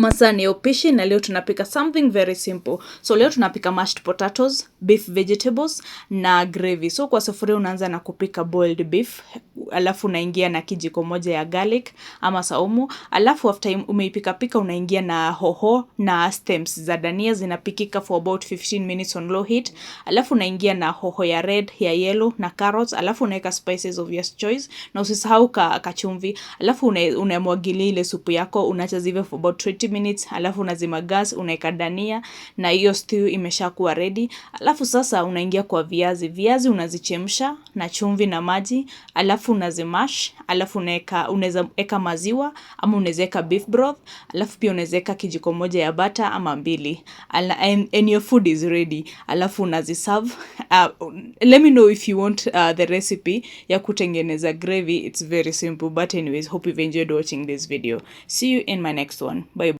Masaa ni upishi na leo tunapika something very simple. So leo tunapika mashed potatoes, beef vegetables na gravy. So kwa sufuria unaanza na kupika boiled beef, alafu unaingia na kijiko moja ya garlic ama saumu, alafu after umeipika pika unaingia na hoho na stems za dania zinapikika for about 15 minutes on low heat. Alafu unaingia na hoho ya red, ya yellow na carrots, alafu unaweka spices of your choice na usisahau ka kachumvi. Alafu unamwagilia ile supu yako, unaacha zive for about 20 minutes, alafu unazima gas, unaweka dania na hiyo stew imeshakuwa ready. Alafu sasa unaingia kwa viazi. Viazi unazichemsha na chumvi na maji, alafu unazimash, alafu unaweka unaweza eka maziwa ama unaweza eka beef broth, alafu pia unaweza eka kijiko moja ya butter ama mbili. Ala, And, and your food is ready. Alafu unaziserve. Uh, let me know if you want uh, the recipe ya kutengeneza gravy. It's very simple but anyways, hope you've enjoyed watching this video. See you in my next one. Bye.